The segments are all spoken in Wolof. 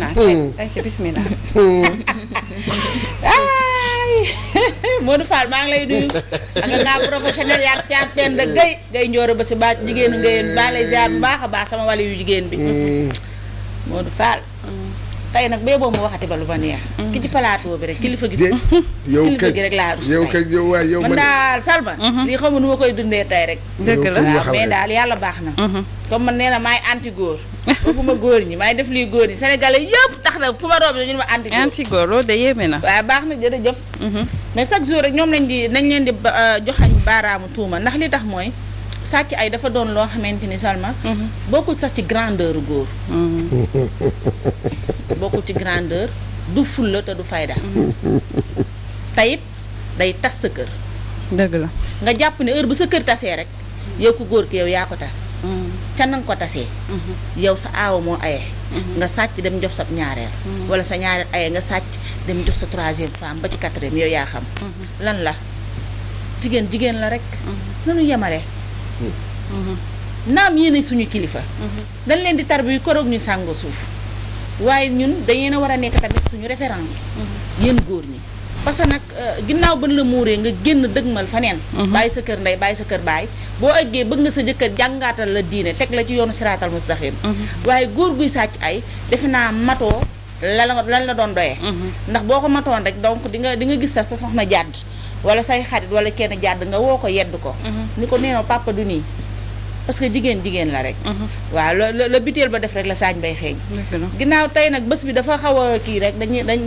naa. ayca bisimilah. Modou Fall maa ngi lay nuyu. ak nga professionnel yaa caat fenn da gay gay njóor ba si baa jigéenu ngeen baa lay ziar bu baax a baax sama wàll yu jigéen bi. Hmm. Modou Fall. tey nag bee boo mu waxati ba lu ma neex. Hmm. ki ci plateau bi rek kilifa gi. yow kilifa gi rek laa rus yow kay yow waay man daal Salma. Hmm. lii xamu nu ma koy dundee tey rek. dëgg la waaw mais daal yàlla baax na. comme man nee na anti góor. bëgguma góor ñi maay def lii góor ñi senegale yëpp tax na fu ma rob ñu ne ma anti góor anti na baax na jërëjëf mhm. mais chaque jour rek ñoom lañ di nañ leen di euh, joxañ baaraamu tuuma ndax li tax mooy sàcc ay dafa doon loo xamante ni seulement mhm. bokkul sax ci grandeur góor mhm. bokkul ci grandeur du fulla te du fayda tayit day tas sa kër dëgg la nga jàpp ne heure bu sa kër tasee rek yow ku góor ki yow yaa ko tas ca nanga ko tasee mhm. yow sa aaw moo aye mhm. nga sàcc dem jox sa ñaareel mhm. wala sa ñaareel aye nga sàcc dem jox sa troisième femme ba ci quatrième yow yaa xam lan la jigéen jigéen la rek nanu yemale naam yéen suñu kilifa dañ leen di tarbiyu koroog ñu sàngoo suuf waaye ñun dañeen a war a nekk tamit suñu référence yéen góor ñi parce que nag euh, ginnaaw bën la muuree nga génn dëgmal faneen mhm. bàyyi sa kër ndey bàyyi sa kër baay boo eggee bëgg nga sa jëkkër jàngaatal la diine teg la ci yoonu siraatal mustaqim mhm. waaye góor guy sàcc ay defe naa matoo lan lan la doon doyee mhm. ndax boo ko matoon rek donc di nga di nga gis sa sa soxna jàdd wala say xarit wala kenn jàdd nga woo ko yedd ko ni ko neenoo papa du nii parce que jigéen jigéen la rek. Mhm. waaw la la biteel ba def rek la saañ bay xeeñ. ginnaaw tey nag bés bi dafa xaw kii rek dañuy dañ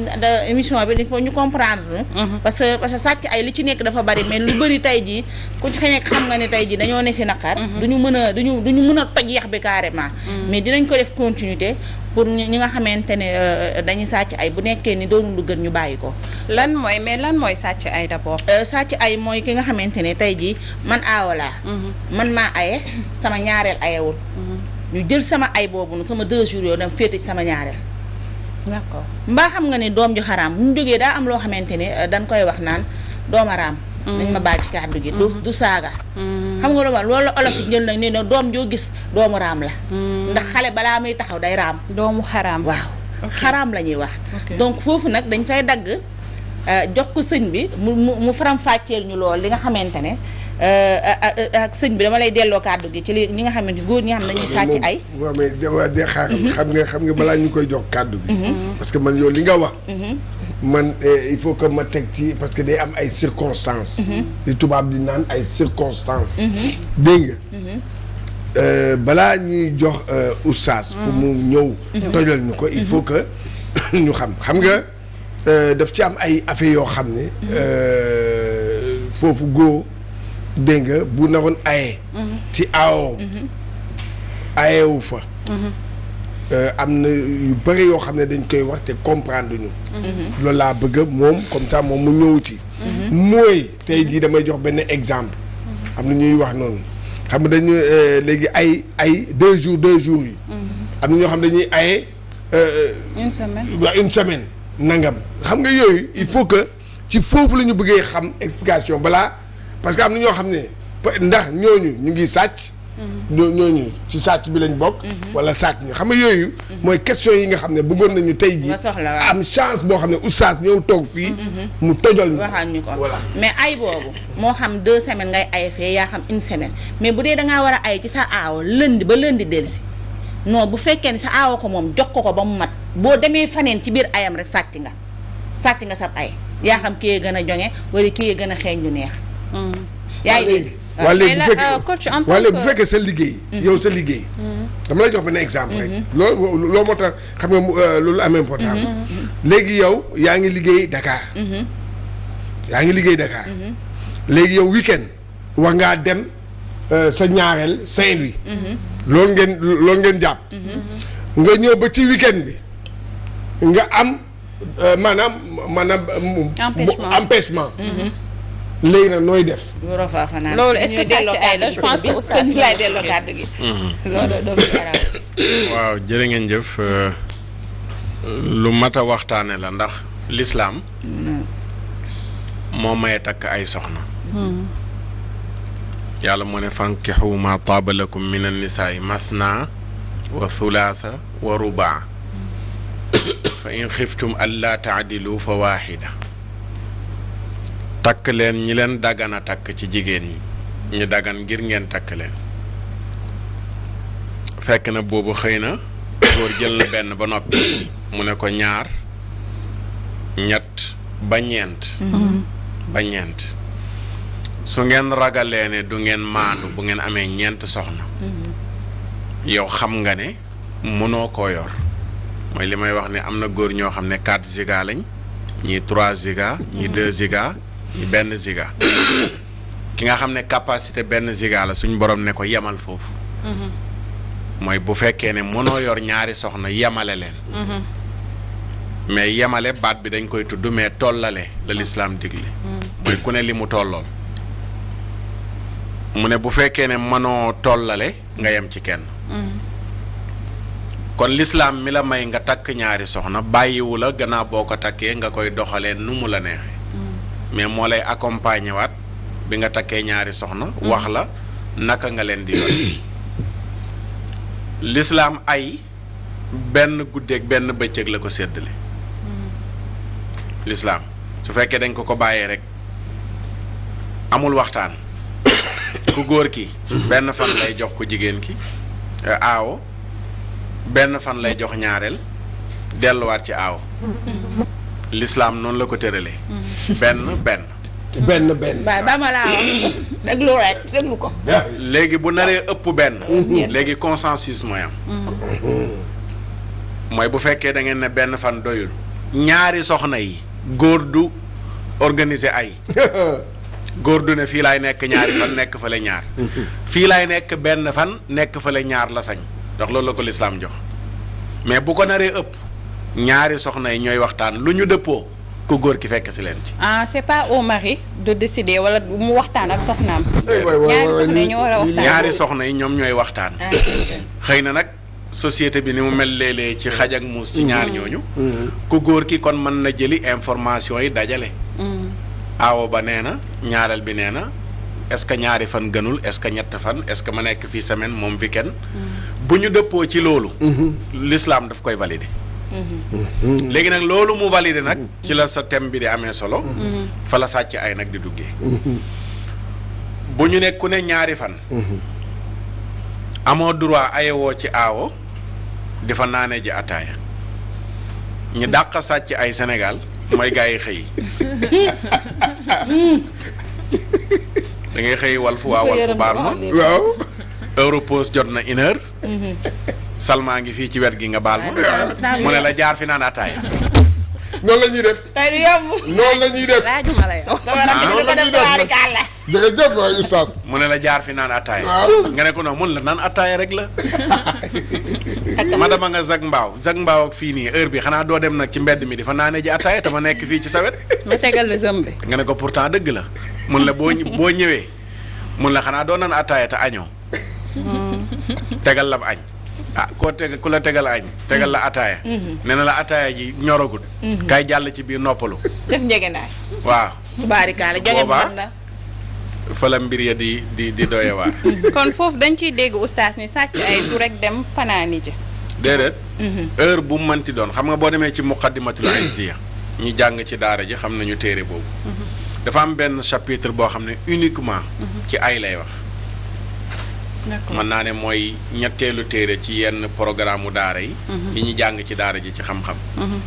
émission bi il faut ñu comprendre. Mhm. parce que parce que sàcc ay li ci nekk dafa bari mais lu bari tey jii ku ci xam nga ne tey jii dañoo ne si naqar. Mhm. du ñu mën a du ñu du ñu a toj yax bi carrément. mais dinañ ko def continuité. pour ñi nga xamante ne euh, dañuy sàcc ay bu nekkee ni doonul lu gën ñu bàyyi ko. lan mooy mais lan mooy sàcc ay d'abord. Euh, sàcc ay mooy ki nga xamante ni tey jii man aawalaa. Mhm. man maa aye sama ñaareel ayewul. Mhm. ñu jël sama ay boobu noonu sama deux jours yoo dem féete sama ñaareel. d'accord mbaa xam nga ne doom ju xaraam bu ñu jógee daa am loo xamante ne euh, dañ koy wax naan doomaraam nañ ma baal ci kàddu gi du du saaga xam nga loolu loolu la olof yi jël nañ ne ne doom joo gis doomu raam la ndax xale balaa muy taxaw day raam doomu xaraam waaw xaraam la ñuy wax donc foofu nag dañ fay dagg euh, jox ko sëñ bi mu mu faram fàcceel ñu lool li nga xamante ne euh, ak sëñ bi dama lay delloo kàddu gi ci lii ñi nga xamante góor ñi nga xam ne dañuy sàcc ay. waaw mais de mhm. xam nga xam nga balaa ñu koy jox kàddu gi. Mhm. parce que man yow li nga wax. Mhm. man eh, il faut que ma teg ci parce que day am ay circonstances. Mhm. li tubaab di naan ay circonstances. Mhm. dégg nga. Mhm. Euh, balaa ñuy jox euh, oustaz. pour mu ñëw. tojal ñu ko il faut que ñu xam xam nga euh, daf ci am ay affaire yoo xam ne. foofu góor dégg nga bu naroon aye. ci aawam. ayewu fa. Euh, am na yu bëri yoo xam ne dañ koy wax te comprendre ñu. Mhm. loolu laa bëgg moom comme ça moom mu ñëw ci. Mhm. mooy tey jii damay jox benn exemple. Mhm. am na ñuy wax noonu xam nga dañu euh, léegi ay ay deux jours deux jours am na ñoo xam dañuy aye. Euh, une semaine waaw une semaine nangam xam nga yooyu il faut que ci foofu la ñu bëggee xam explication balaa parce que am na ñoo xam ne ndax ñooñu ñu ngi sàcc. ñoo ñooñu ci sàcc bi lañ bokk mhm. wala sàcc ñi xam nga yooyu mhm. mooy question yi nga xam ne bëggoon nañu tey ji am chance boo xam ne oustaz ñëw toog fii mhm. mu tojal ñu waxaan ñu ko mais ay boobu moo xam deux semaines ngay ay fee yaa xam une semaine mais bu dee dangaa war a ay ci sa aawo lënd ba lëndi si non bu fekkee ne sa aawo ko moom jox ko ko ba mu mat boo demee faneen ci biir ayam rek sàcc nga sàcc nga sab ay yaa xam kii gën a joŋe wala kii gën a xeeñ ñu neex mm. yaay waa ah, ah, léegi bu fekkee waa léegi bu fekkee sa liggéey. Mm-hmm. yow sa liggéey. Mm-hmm. dama lay jox benn exemple rek. Mm-hmm. loolu loo moo tax xam nga euh, loolu am importance. léegi yow yaa ngi liggéey dakaar yaa ngi liggéey Dakar. léegi yow weekend wax ngaa dem euh, sa ñaareel Saint-Louis. loolu ngeen loolu ngeen jàpp. nga ñëw ba ci weekend bi nga am euh, maanaam maanaam. Mm, empêchement empêchement. léegi nag nooy def. Mhm. waaw jërë ngeen jëf euh, lu mat a waxtaane la ndax lislaam moo maye takk ay soxna. Hmm. yàlla moo ne fankixu ma taaba lakum min annisaai mathna wa thulaasa wa rubaa hmm. fa in xiftum allaa taadilu fa waaxida takk leen ñi leen daggan a takk ci jigéen ñi ñu daggan ngir ngeen takk leen fekk na boobu xëy na góor jël na benn ba noppi mu ne ko ñaar ñett ba ñeent mm-hmm. ba ñeent su ngeen ragalee ne du ngeen maandu bu ngeen amee ñeent soxna mm-hmm. yow xam nga ne mënoo koo yor mooy li may wax ni am na góor ñoo xam ne quatre giga lañ ñii trois giga ñii deux giga benn giga ki nga xam ne capacité benn giga la suñ borom ne ko yemal foofu mhm. mooy bu fekkee ne mënoo yor ñaari soxna yemale leen mhm. mais yemale baat bi dañ koy tudd mais tollale la lislaam digle mhm. mooy ku ne li mu tollool mu ne bu fekkee ne mënoo tollale nga yem ci kenn kon lislaam mi la may nga takk ñaari soxna bàyyiwu la gannaaw boo ko takkee nga koy doxalee nu mu la neexee mais moo lay accompagner waat bi nga takkee ñaari soxna. Mm-hmm. wax la naka nga leen di yoon lislaam ay benn guddeeg benn bëccëg la ko séddale. Mm-hmm. lislaam su fekkee dañ ko ko bàyyee rek amul waxtaan ku góor ki mm-hmm. benn fan lay jox ko jigéen ki eh, aawo benn fan lay jox ñaareel delluwaat ci aawo l'islam noonu la ko tëralee. Mm. benn benn. benn benn waaw ba ma laa wax déglu rek déglu ko. léegi bu naree ëpp benn. Mm-hmm. léegi consensus mooy am. Mm-hmm. mooy bu fekkee da ngeen ne benn fan doyul. ñaari soxna yi. góor du organiser ay. góor du ne fii lay nekk ñaari fan nekk fa la ñaar. Mm-hmm. fii lay nekk benn fan nekk fa la ñaar la sañ. ndox loolu la ko lislaam jox mais bu ko naree ëpp. ñaari soxna yi ñooy waxtaan lu ñu dëppoo ku góor ki fekk si leen ci. ah c'est pas au mari de décider wala mu waxtaan ak soxnaam. Eh, ñaari soxna yi ñoom ñooy waxtaan. Ah. xëy na nag société bi ni mu mel léeg-léeg ci xaj ak muus. ci mm-hmm. ñaar ñooñu. Mm-hmm. ku góor ki kon mën na jëli information yi dajale. Mm. aawo ba nee na ñaareel bi nee na est-ce que ñaari fan gënul est-ce que ñett fan est-ce que ma nekk fii semaine moom kenn mm. bu ñu dëppoo ci loolu. Mm-hmm. l'islam daf koy valider. Mm-hmm. léegi nag loolu mu validé nag ci la sa thème bi di amee solo mm-hmm. fa sàcc ay nag di duggee mm-hmm. bu ñu nekku ne ñaari fan amoo droit ayewoo ci aawo di fa naanee ji ataaya ñu dàq sàcc ay senegal mooy gars yi xëy da ngay xëy Walf waa Walf baal ma waaw Europos jot na une salmaa ngi fii ci wet gi nga baal ma mu ne la jaar fi naan ataaya noonu la ñuy mu ne la jaar fi naan ataaya nga ne ko non mun la naan ataaya rek la madama nga zag mbaaw zag mbaaw ak fii nii heure bi xanaa doo dem nag ci mbedd mi di fa naanee ji ataaya te ma nekk fii ci sawet mu tegal nga ne ko pourtant dëgg la mun la boo boo ñëwee mun la xanaa doo naan ataaya te añoo hmm. tegal lam añ ah koo teg ku la tegal añ tegal la ataaya mm-hmm. Mm-hmm. nee na la ataaya ji ñoragul mm-hmm. kaay jàll ci biir noppalu def njegenaay waaw tubaarikaala jaget na fa mbir ya di di di doye waar kon foofu dañ ciy dégg oustaz ni sàcc ay du rek dem fanaani ji déedéet heure bu mu mënti doon xam nga boo demee ci muqaddimatul aziya ñu jàng ci daara ji xam nañu téere boobu dafa am benn chapitre boo xam ne uniquement ci ay lay wax mën naa ne mooy ñetteelu téere ci yenn programme daara yi mhm. yi ñu jàng ci daara ji ci xam-xam mhm.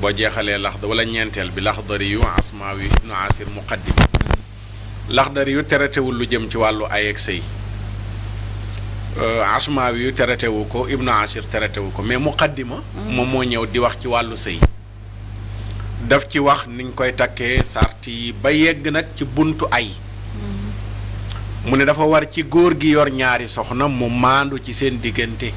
boo jeexalee laxda wala ñeenteel bi laxdari yu asmaawi ibnu asir muqaddim mhm. laxdari yu teretewul lu jëm ci wàllu ay ak sëy euh, asmaawi yu teretewu ko ibnu asir teretewu ko mais muqaddima moom moo ñëw di wax ci wàllu sëy daf ci wax niñ koy takkee sart yi ba yegg nag ci buntu ay mu ne dafa war ci góor gi yor ñaari soxna mu maandu ci seen diggante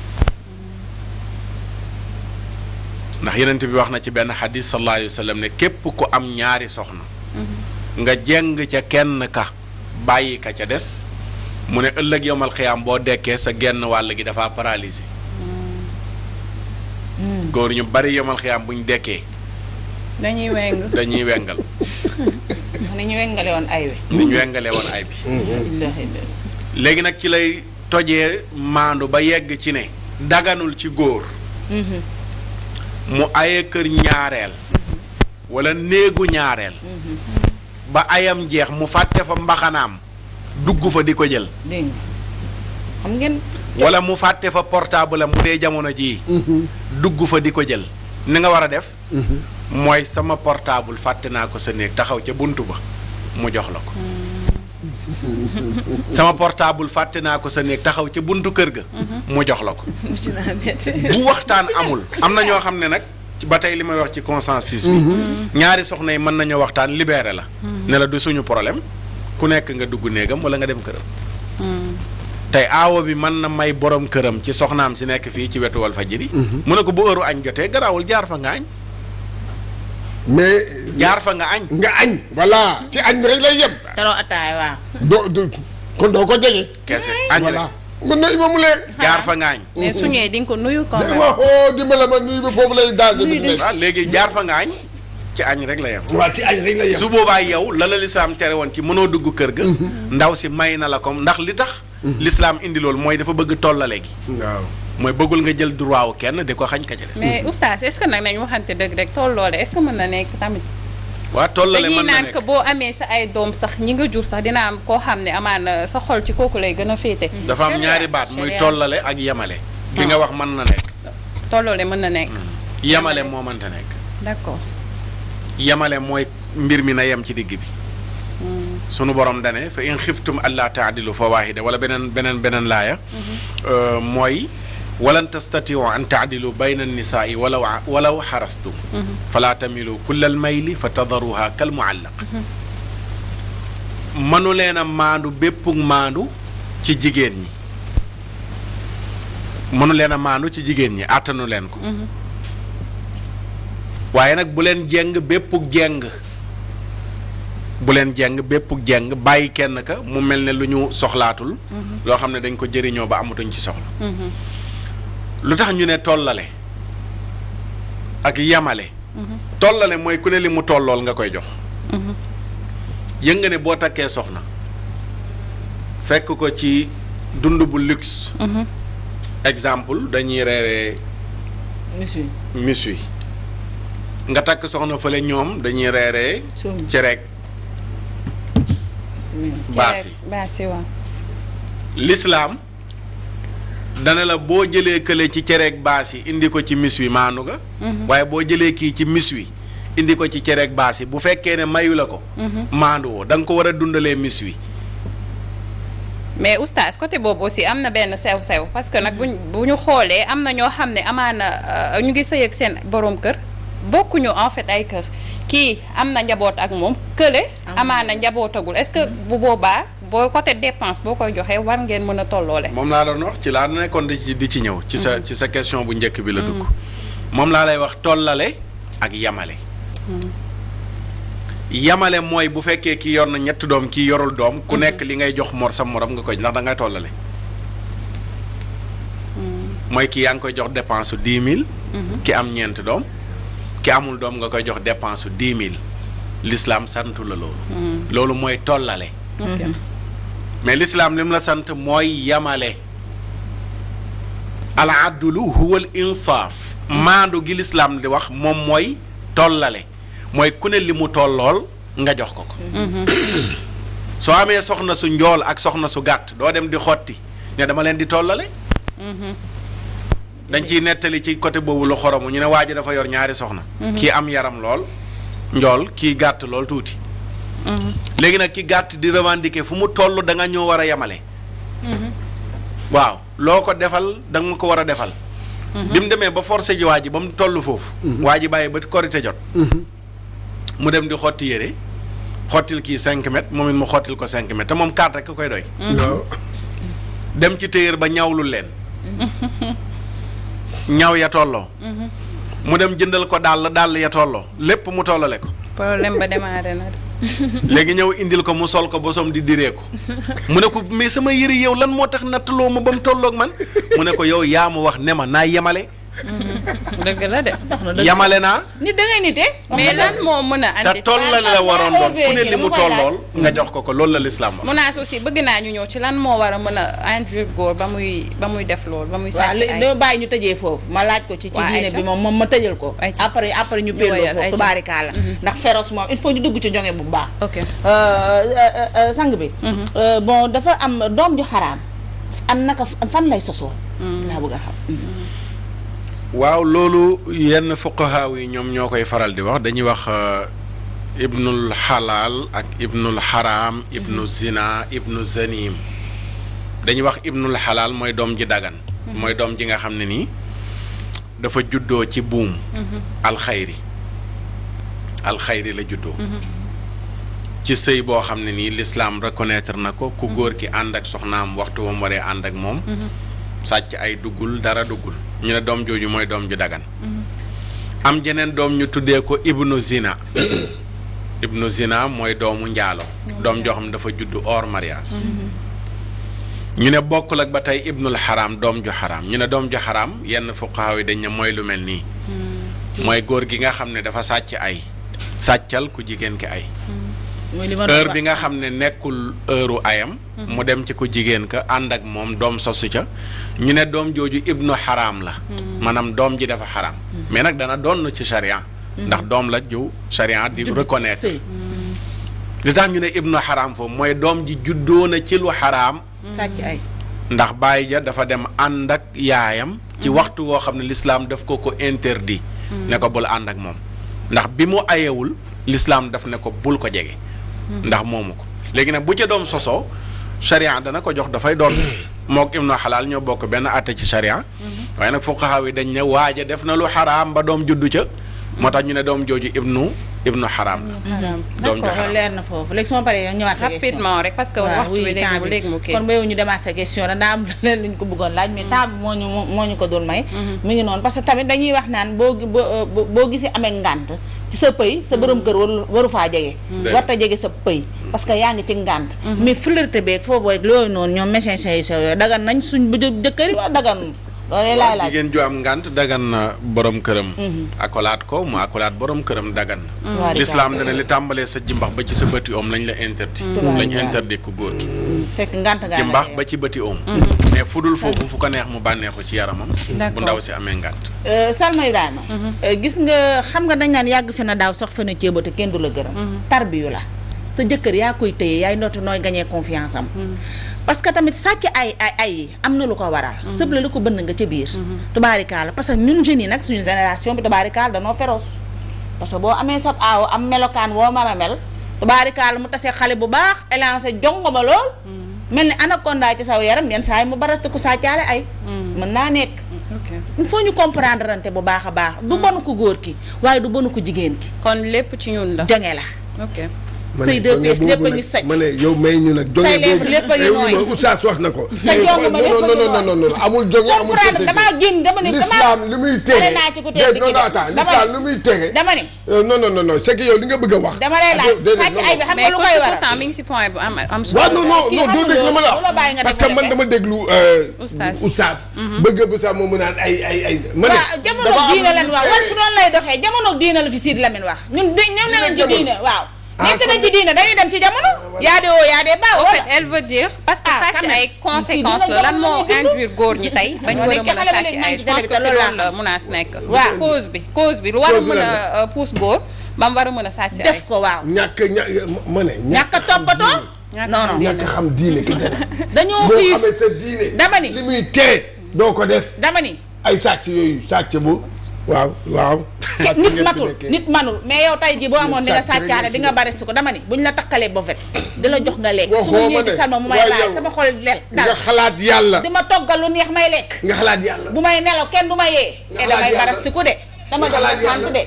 ndax yenent bi wax na ci benn xadis sallallahu alayhi ne képp ku am ñaari soxna mhm. nga jeng ca kenn ka bàyyi ka ca des mu ne ëllëg yowmal xiyaam boo dekkee sa genn wàll gi dafa paralysé mm. Mm. góor ñu bari yowmal xiyaam bu ñu dekkee dañuy weng dañuy wengal ni ñu wengale woon ay bi ñu wengale woon ay bi léegi nag ci lay toje maandu ba yegg ci ne daganul ci góor mm-hmm. mu aye kër ñaareel wala néegu ñaareel mm-hmm. ba ayam jeex mu fàtte fa mbaxanaam dugg fa di ko jël xam ngeen wala mu fàtte fa portable mu dee jamono jii mm-hmm. dugg fa di ko jël ni nga war a def mooy sama portable fàtte naa ko sa néeg taxaw ca bunt ba mu jox la ko mm-hmm. sama portable fàtte naa ko sa néeg taxaw ca buntu kër ga mm-hmm. mu jox la ko bu waxtaan amul am na ñoo xam ne nag ba tey li may wax ci consensus bi mm-hmm. ñaari soxna yi mën nañoo waxtaan libeere la ne la du suñu problème ku nekk nga dugg néegam walla nga dem këram tey aawo bi mën na may borom këram ci soxnaam si nekk fii ci wetu Walfadjri mu ne ko bu heure añ jotee garaawul jaar fa nga mais. jaar fa nga añ. nga añ voilà ci añ bi rek lay yem. taroo ataay waaw. doo doo kon doo ko jege. kese añ la mën na imam mu leer. jaar fa nga añ. mais di nga ko nuyu. kon nag waxoo nuyu ba foofu lay daje. nuyu de ah, léegi jaar fa ci añ rek la yem. waaw ci añ rek la yem. su boobaay yow la la lislaam tere woon ci mënoo dugg kër ga. Mhm. ndaw si may na la comme ndax li tax. Mhm. lislaam indi loolu mooy dafa bëgg tollale gi. waaw. mooy bëggul nga jël droit kenn di ko xañ ka ca des. mais oustaz est ce que nag nañu waxante dëgg rek tolloole est ce que mën na nekk tamit. waa tollale mën na nekk dañuy que boo amee sa ay sax ñi nga jur sax dina koo xam ne amaana euh, sa xol ci kooku lay gën a féete. Mm. dafa am ñaari baat muy tollale ak yemale. bi nga ah. wax mën na nekk. tolloole mën na nekk. Mm. yamale moo mënta nekk. d' accord. yemale mooy mbir mi na yem ci digg bi. Mm. sunu borom dane fa in xiftum allaa taadilu fa waahida wala beneen beneen beneen laaya. Mm-hmm. Euh, mooy. walan tastatiu an taadilu bayna annisaai walaw walaw xarastum falaa tamilu kulla al li fa tadaruha kal muallaq mënu leen a maandu bépp maandu ci jigéen ñi mënu leen a maandu ci jigéen ñi àttanu leen ko waaye nag bu leen jeng bépp jeng bu leen jeng bépp jeng bàyyi kenn ka mu mel ne lu ñu soxlaatul loo xam ne dañ ko jëriñoo ba amatuñ ci soxla lu tax ñu ne tollale ak yamale mhm. tollale mooy ku ne li mu tollool nga koy jox mhm. yëg ne boo takkee soxna fekk ko ci dund bu luxe mhm. exemple dañuy reeree mis wi nga takk soxna fële ñoom dañuy reeree cereeg baas yi lislaam dana la boo jëlee kële ci cereeg baas yi indi ko ci mis wi maanu nga mhm. waaye boo jëlee kii ci mis wi indi ko ci cereeg baas yi bu fekkee ne mayu la ko mhm. maandu woo da nga ko war a dundalee mis wi mais oustaz côté boobu aussi am na benn sew sew parce que nag mhm. bu ñu xoolee am na ñoo xam ne amaana euh, ñu ngi sëy ak seen borom kër bokkuñu en fait ay kër kii am na njaboot ak moom kële amaana njabootagul est-ce que mm-hmm. bu boobaa boo côté dépense boo koy joxee war ngeen mën a tolloole moom laa doon wax ci laa nekkoon di di ci ñëw ci sa mm-hmm. ci sa question bu njëkk bi la mm-hmm. dugg moom lay wax tollale ak yamale yamale mooy bu fekkee ki yor na ñett doom ki yorul doom ku nekk li ngay jox mor sa morom nga koy ndax da ngay tollale mooy kii yaa ngi koy jox dépense su dix mille ki am ñeent doom ki amul doom nga koy jox dépense su dix mille l'islam sant la loolu hmm. loolu mooy tollale hmm. mais lislaam li mu la sant mooy yamale al adlu huwa al insaaf maandu gi l'islam di wax moom mooy tollale mooy ku ne li mu tollool nga jox ko ko hmm. soo amee soxna su njool ak soxna su gàtt doo dem di xotti ne dama leen di tollale dañ ciy nettali ci côté boobu lu xoromu ñu ne waa ji dafa yor ñaari soxna. Mhm. kii am yaram lool njool kii gàtt lool tuuti. Mhm. léegi nag ki gàtt di revendiquer fu mu toll danga nga war a yemale. Mhm. waaw loo ko defal danga ko war a defal. bi mu demee ba forcé ji waa ji ba mu toll foofu. waa ji bàyyi ba korite jot. mu dem di xotti yére xottil kii 5 mètres moom it mu xottil ko 5 mètres te moom 4 rek koy doy. dem ci téyeer ba ñawlul leen. ñaw ya tolloo. Mhm. mu dem jëndal ko dàll dàll ya tolloo lépp mu tollale ko. problème ba démarré na. léegi ñëw indil ko mu sol ko bosom di diree ko mu ne ko mais sama yëri yow lan moo tax nattaloo ma ba mu tollook man mu ne ko yow yaa mu wax ne ma naa yemale. Mm-hmm. dëgg la de. yamale naa. nit da ngay de mais lan moo mën a andi. te tollal la waroon doon ku ne li mu tollool. nga jox ko ko loolu la lislaam wax. bëgg naa ñu ñëw ci lan moo war a mën a indi ba muy ba muy def loolu ba muy. sàcc bàyyi ñu tëjee foofu ma laaj ko. ci ci diine bi moom moom ma tëjal ko. après après ñu pelloo foofu tubaarikaala mm-hmm. ndax féroce moom il faut ñu dugg ci jonge bu baax. ok euh, euh, euh, sang bi. Mm-hmm. bon dafa am doom ju xaraam. am naka fan lay sosoo. Mm. laa bëgg a xam. waaw loolu yenn fuqahaaw yi ñoom ñoo koy faral di wax dañuy wax euh, ibnul xalaal ak ibnul xaraam ibnu mhm. zina ibnu zanim dañuy wax ibnul xalaal mooy doom ji dagan mhm. mooy doom ji nga xam ne nii dafa juddoo ci buum mhm. alxayri alxayri la juddoo ci sëy boo xam ne nii lislaam reconnaître na ko ku góor ki ànd ak soxnaam waxtu wam waree ànd ak moom sàcc ay duggul dara duggul ñu ne doom jooju mooy doom ju dagan mm-hmm. am jeneen doom ñu tuddee ko ibnu zina ibnu zina mooy doomu njaalo mm-hmm. doom joxam ne dafa judd hors mm-hmm. ñu ne bokkul ak ba tey ibnul xaram doom ju xaraam ñu ne doom ju xaraam yenn fuqahaa yi dañ ne mooy lu mel nii mooy góor gi nga xam ne dafa sàcc ay sàccal ku jigéen ki ay heure bi nga xam ne nekkul heure ayam. Mhm. mu dem ci ko jigéen ka ànd ak moom doom sosu ca ñu ne doom jooju ibnu xaraam la. Mhm. maanaam doom ji dafa xaraam. Mhm. mais nag dana doon ci sharia. ndax doom la ju sharia di reconnaître. li tax ñu ne ibnu xaraam foofu mooy doom ji juddoo na ci lu xaraam. sàcc ndax bàyyi ja dafa dem ànd ak yaayam. ci waxtu woo xam ne lislaam daf ko ko interdit. ne ko bul ànd ak moom ndax bi mu ayewul lislaam daf ne ko bul ko jege. Mhm. ndax moomu ko léegi nag bu ca doom sosoo sharia dana ko jox dafay doon mhm. mook ibnu xalaal ñoo bokk benn àtte ci sharia mhm. waaye nag fuqaha yi dañ ne waaja def na lu xaraam ba doom juddu ca moo tax ñu ne doom jooju ibnu ibnu xaraam la. doom ju leer na foofu léegi su ma paree ñëwaat sa question parce que ñu demaat sa question rek daa am leen luñ ko bëggoon laaj mais temps moo ñu moo ñu ko doon may. mu ngi noonu parce que tamit dañuy wax naan boo boo boo gisee amee ngànt ci sa pëy sa borom kër waru waru faa jege warta jege sa pëy parce que yaa ngi ci ngànt mhm. mais flirté beeg foofu ak loolu noonu ñoom mécancé yi sa yooyu dagan nañ suñ bu jëkkëri waa dagan loolee laay laaj jigéen ju am ngànt dagan na borom këram. Mhm. akolaat ko mu akolaat boroom këram dagan na. Mhm. lislaam dana li tàmbalee sa jimbax ba ci sa bëti om lañ la interdit. Mhm. lañ interdit ku góor gi. fekk ngànt gaa jimbax ba ci bëti om. mais fu dul foofu fu ko neex mu bànneexu ci yaramam. bu ndaw si amee ngànt. Euh, Salma Ibrahima. Euh, gis nga xam nga dañ naan yàgg fi na daaw sax fi na ceebate kenn du la gërëm. tarbiyu la. sa jëkkër yaa koy téye yaay nootu nooy gagné confiance am. Mm-hmm. parce que tamit sàcc ay ay ay am na lu ko waral. Mm-hmm. sëb la lu ko bënn nga ca biir. Mm-hmm. tubaarikaala parce que ñun jeunes yi nag suñu génération bi tubaarikaala danoo féroce. parce que boo amee sab aaw am melokaan woo mën a mel tubaarikaala mu tase xale bu baax élancé jongo ma lool. mel ni anaconda ci saw yaram yenn saa yi mu baratu ko sàccaale ay. mën naa nekk. il faut ñu comprendre rante bu baax a baax. du bonu ko góor ki waaye du bonu ko jigéen ki. kon lépp ci ñun la. jange la. say deux pièces lépp a ngi saj ma ne yow may ñu nag jonge boobu lépp a ngi nooy oustaz wax na ko sa jonge ma lépp a ngi nooy non non non amul jonge amul comprendre damaa génn dama ne l'islam li muy tere naa ci ku tedd non non attends l'islam li muy tere dama ne euh, non non non non c'est que yow li nga bëgg a wax dama lay ah, laaj fàcc ay bi xam nga lu koy waral pourtant mi ngi si point bu am am waaw non non non doo dégg la ma la parce que man dama déglu euh, oustaz mhm. bëgg bu sax moom mu naan ay ay ay ma ne waaw jamono diina lan wax wal fu doon lay doxee jamono diina la fi Sidy Lamine wax ñun ñëw na leen ci diina waaw Ah, nekk nañ ci diine dañuy dem ci jamono. Ah, yaa de woo yaa de ba en fait elle veut dire. parce que ah, sàcc ay conséquence la lan moo induire góor ñi tey. bañ war a a sàcc ay je pense que si loolu la munaas nekk. waaw cause bi cause bi lu war a mën a euh, pousse góor ba mu war a mën a sàcc ay. def ko waaw ñàkk ña euh, ma ñàkk a toppatoo. non non ñàkk xam diine ki tere. dañoo xiif boo xamee sa li muy tere doo ko def. dama ay sàcc yooyu sàcc bu. waaw waaw. nit matul nit manul mais yow tey jii boo amoon ni nga sàccaane di nga bari su ko dama ni ñu la takkalee bovet di la jox nga lekk su ma ñëwee gisal ma mu may laal sama xol lel dal nga xalaat yàlla di ma toggal neex may lekk nga xalaat yàlla bu may nelaw kenn du ma yee te eh, damay barastiku de dama jox la sant de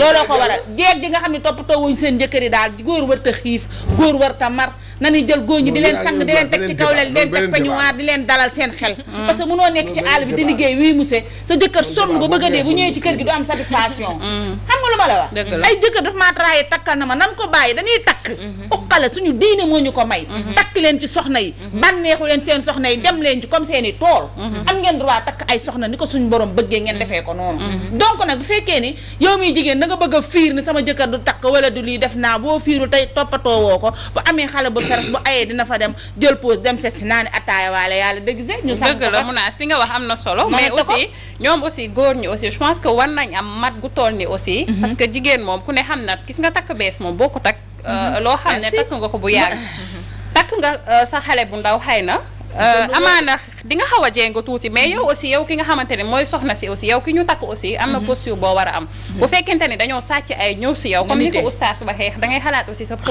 looloo ko waral jeeg ji nga xam ne toppatoo wuñ seen jëkkër yi daal góor war ta xiif góor war ta mar nañuy jël góor ñi di leen sang di leen teg ci kaw leen leen teg peñuwaar di leen dalal seen xel parce que mënoo nekk ci àll bi di liggéey wii monsieur sa jëkkër sonn ba bëgg a dee bu ñëwee ci kër gi du am satisfaction mm. xam nga lu ma la wax ay jëkkër daf maa trahé takkal na ma nan ko bàyyi dañuy takk uqale mm-hmm. suñu diine moo ñu ko may mm-hmm. takk leen ci soxna yi mm-hmm. bànneexu leen seen soxna yi dem leen ci comme seen i tool am ngeen droit takk ay soxna ni ko suñu borom bëggee ngeen defee ko noonu donc nag bu fekkee ni yow miy jigéen da nga bëgg a fiir ni sama jëkkër du takk wala du lii def naa boo fiirul tey toppatoo woo ko bu amee xale keroog bu ayee dina fa dem jël pause dem seet si naan attaaya waale yàlla dëgg se ñu sax dëgg la mun naa si nga wax am na solo mais aussi ñoom aussi góor ñi aussi je pense que war nañ am mat gu toll ni aussi mhm. parce que jigéen moom ku ne xam na gis nga takk bees moom boo ko takk euh, mhm. loo xam ne takk nga ko bu yàgg takk nga euh, sa xale bu ndaw xëy na euh, amaana di nga xaw a jéngu tuuti mais yow aussi yow ki nga xamante ne mooy soxna si aussi yow ki ñu takk aussi am na mhm. posture boo a am mhm. bu fekkente ni dañoo sàcc ay ñëw si yow comme ni ko oustaz waxee da ngay xalaat aussi sa ah,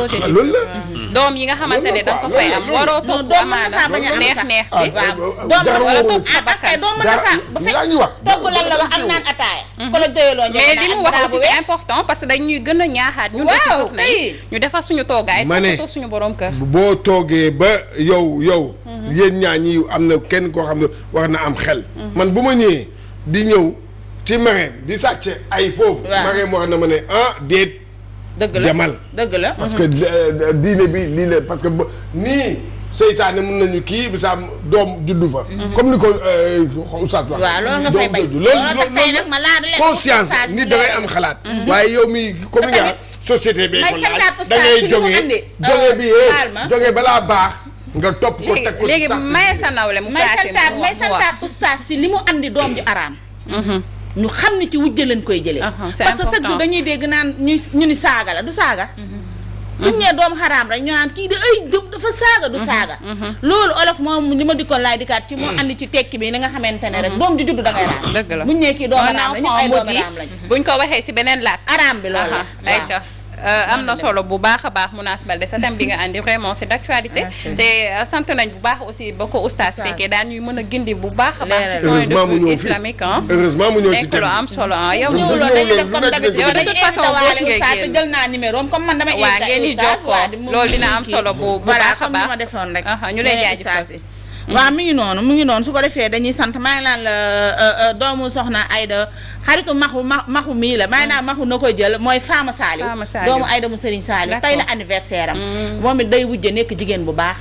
mhm. xamante ne danga ko fay am waroo toog bu amaana neex la wax am naan ataaya ko la doyaloo mais li mu wax aussi gën a ñaaxaat ñu def soxna defar suñu toogaay toog suñu borom kër boo toogee ba yow yow yéen ñaa ñi am na kenn kenn koo xam ne war na am xel. man bu ma ñëwee di ñëw ci marème di sàcc ay foofu. marème war na ma ne ah, déet. demal parce mhm. que euh, euh, diine bi lii parce que ba nii seytaane mën nañu kii bi bisaam doom juddu fa. Mhm. comme ni ko euh, Oustaz wax. waaw loolu nga fay bay loolu nag ma laaj leen conscience nit da ngay am xalaat. Mhm. waaye yow mi comme ni nga société bee oh, eh, baax. nga topp ko teg ko léegi may sa nawle mu may santaat may santaat oustaz si li mu andi doom ju araam mhm. ñu xam ni ci wujje leen koy jëlee uh-huh, parce que chaque jour dañuy dégg naan ñuy ñu ni saaga la du saaga mhm. suñ nee doom xaraam rek ñu naan kii de ay dafa saaga du mhm, saaga loolu olof moom li ma dikkoon laay dikkaat ci moo andi ci tekki bi ni nga xamante ne rek doom ju judd da ngay raam dëgg la buñ nee kii doom araam la ñu ay doom araam lañ buñ ko waxee si beneen laat araam bi loolu la Euh, am na solo bu baax a baax Mounass Balde sa thème bi nga andi vraiment c'est d'actualité ah, te euh, sant nañ bu baax aussi ba ko oustaz fekkee daan mën a gindi bu baax a baax ci point de vue ah. mu nekk solo ah. yow ñëw loolu dañuy def comme d'habitude yow de toute façon gauche ngay génn jël comme man damay waa ngeen di jokkoo loolu dina am solo bu bu a baax ñu lay jaajëfal mm. waaw mi ngi noonu mu ngi noonu su ko defee dañuy sant maa ngi laan la euh, doomu soxna Aïda xaritu maxu ma maxu mii la maanaam mm. maxu na ko jël mooy Fama Saliou doomu Aïda mu Serigne Saliou tey la anniversaire am mm. moom it day wujje nekk jigéen bu baax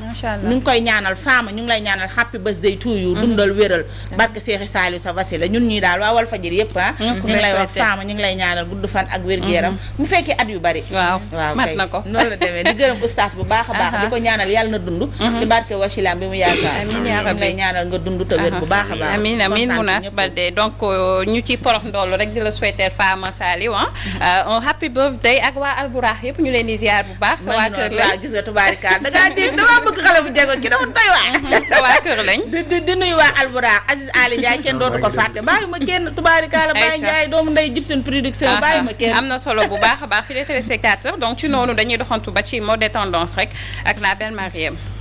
mat na ko la demee di gërëm oustaz bu baax a baax di ko ñaanal yàlla na dund mm-hmm. di barke wasilaam bi mu yaakaar amiin yaa rabbi lay ñaanal nga dund te wér bu baax a euh, ñu ci porox loolu rek di la souhaiter Fama Saliou ah euh, un happy birthday ak waa Alburax yëpp ñu leen di bu baax. sa waa kër lañ gis nga tubaarikaal da bu jéego ci dafa doy waar. sa waa kër lañ. di di di nuyu waa Alburax Aziz Ali Ndiaye kenn dootu ko fàtte bàyyi ma kenn tubaarikaal Baye Ndiaye doomu ndey Gibson production ah, bàyyi ma ah. kenn. am na solo bu baax a baax fi les téléspectateurs donc ci noonu dañuy doxantu ba ci mode tendance rek ak la belle Mariem